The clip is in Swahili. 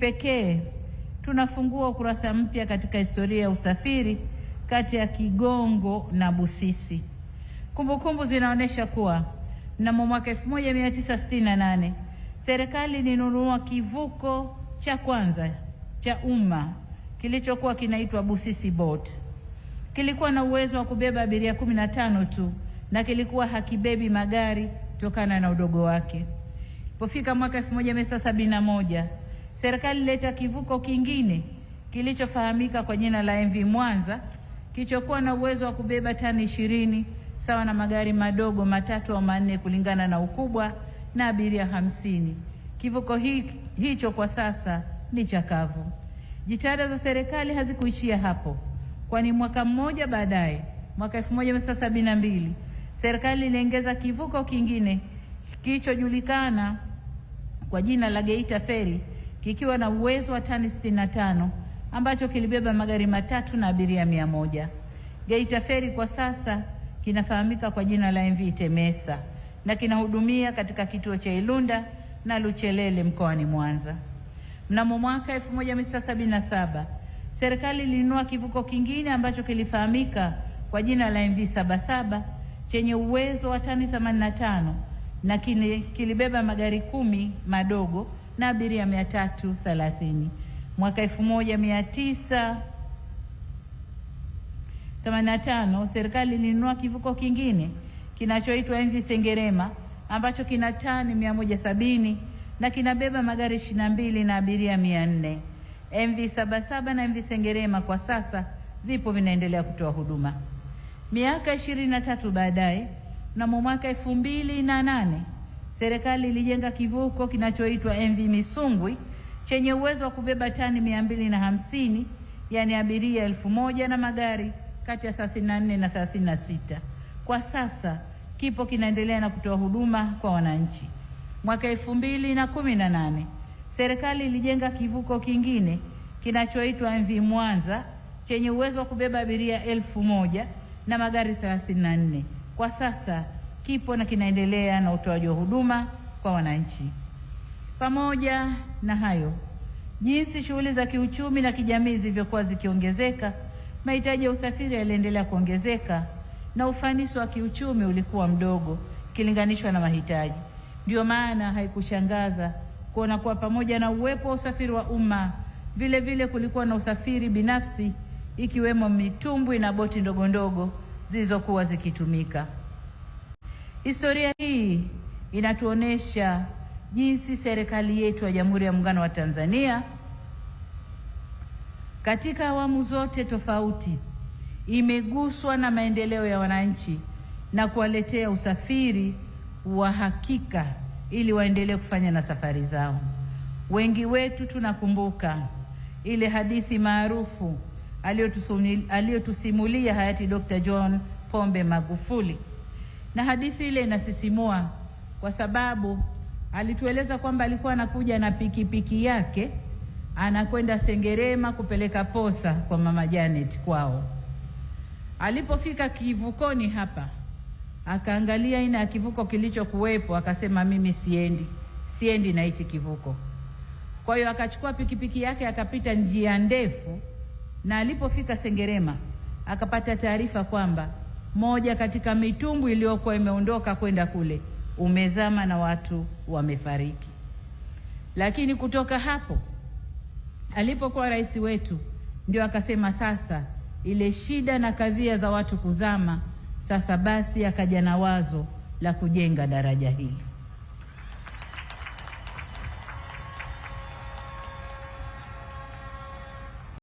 pekee tunafungua ukurasa mpya katika historia ya usafiri kati ya Kigongo na Busisi. Kumbukumbu zinaonyesha kuwa mnamo mwaka 1968 serikali ilinunua kivuko cha kwanza cha umma kilichokuwa kinaitwa Busisi Boat. Kilikuwa na uwezo wa kubeba abiria 15 tu na kilikuwa hakibebi magari kutokana na udogo wake. Ilipofika mwaka 1971 serikali ileta kivuko kingine kilichofahamika kwa jina la MV Mwanza kilichokuwa na uwezo wa kubeba tani ishirini sawa na magari madogo matatu au manne kulingana na ukubwa na abiria hamsini. Kivuko hi, hicho kwa sasa ni chakavu. Jitihada za serikali hazikuishia hapo, kwani mwaka mmoja baadaye, mwaka mbili serikali iliongeza kivuko kingine kilichojulikana kwa jina la Geita Ferry kikiwa na uwezo wa tani 65 ambacho kilibeba magari matatu na abiria mia moja. Geita Ferry kwa sasa kinafahamika kwa jina la MV Temesa na kinahudumia katika kituo cha Ilunda na Luchelele mkoani Mwanza. Mnamo mwaka 1977 serikali ilinunua kivuko kingine ambacho kilifahamika kwa jina la MV 77 chenye uwezo wa tani 85 na kilibeba magari kumi madogo na abiria mia tatu thelathini. Mwaka elfu moja mia tisa themanini na tano serikali ilinunua kivuko kingine kinachoitwa MV Sengerema ambacho kina tani mia moja sabini na kinabeba magari ishirini na mbili na abiria mia nne. MV Sabasaba na MV Sengerema kwa sasa vipo vinaendelea kutoa huduma. Miaka ishirini na tatu baadaye, mnamo mwaka elfu mbili na nane serikali ilijenga kivuko kinachoitwa MV Misungwi chenye uwezo wa kubeba tani mia mbili na hamsini yani abiria elfu moja na magari kati ya 34 na 36. Kwa sasa kipo kinaendelea na kutoa huduma kwa wananchi. Mwaka elfu mbili na kumi na nane serikali ilijenga kivuko kingine kinachoitwa MV Mwanza chenye uwezo wa kubeba abiria elfu moja na magari 34. Kwa sasa kipo na kinaendelea na utoaji wa huduma kwa wananchi. Pamoja na hayo, jinsi shughuli za kiuchumi na kijamii zilivyokuwa zikiongezeka, mahitaji ya usafiri yaliendelea kuongezeka na ufanisi wa kiuchumi ulikuwa mdogo ikilinganishwa na mahitaji. Ndiyo maana haikushangaza kuona kuwa pamoja na uwepo wa usafiri wa umma, vile vile kulikuwa na usafiri binafsi, ikiwemo mitumbwi na boti ndogo ndogo zilizokuwa zikitumika. Historia hii inatuonesha jinsi serikali yetu ya Jamhuri ya Muungano wa Tanzania katika awamu zote tofauti imeguswa na maendeleo ya wananchi na kuwaletea usafiri wa hakika ili waendelee kufanya na safari zao. Wengi wetu tunakumbuka ile hadithi maarufu aliyotusimulia hayati Dr. John Pombe Magufuli na hadithi ile inasisimua kwa sababu alitueleza kwamba alikuwa anakuja na pikipiki piki yake anakwenda Sengerema kupeleka posa kwa mama Janet kwao. Alipofika kivukoni hapa, akaangalia aina ya kivuko kilichokuwepo, akasema mimi siendi, siendi na hichi kivuko. Kwa hiyo akachukua pikipiki yake akapita njia ndefu, na alipofika Sengerema akapata taarifa kwamba moja katika mitumbwi iliyokuwa imeondoka kwenda kule umezama na watu wamefariki. Lakini kutoka hapo alipokuwa rais wetu ndio akasema sasa ile shida na kadhia za watu kuzama, sasa basi akaja na wazo la kujenga daraja hili.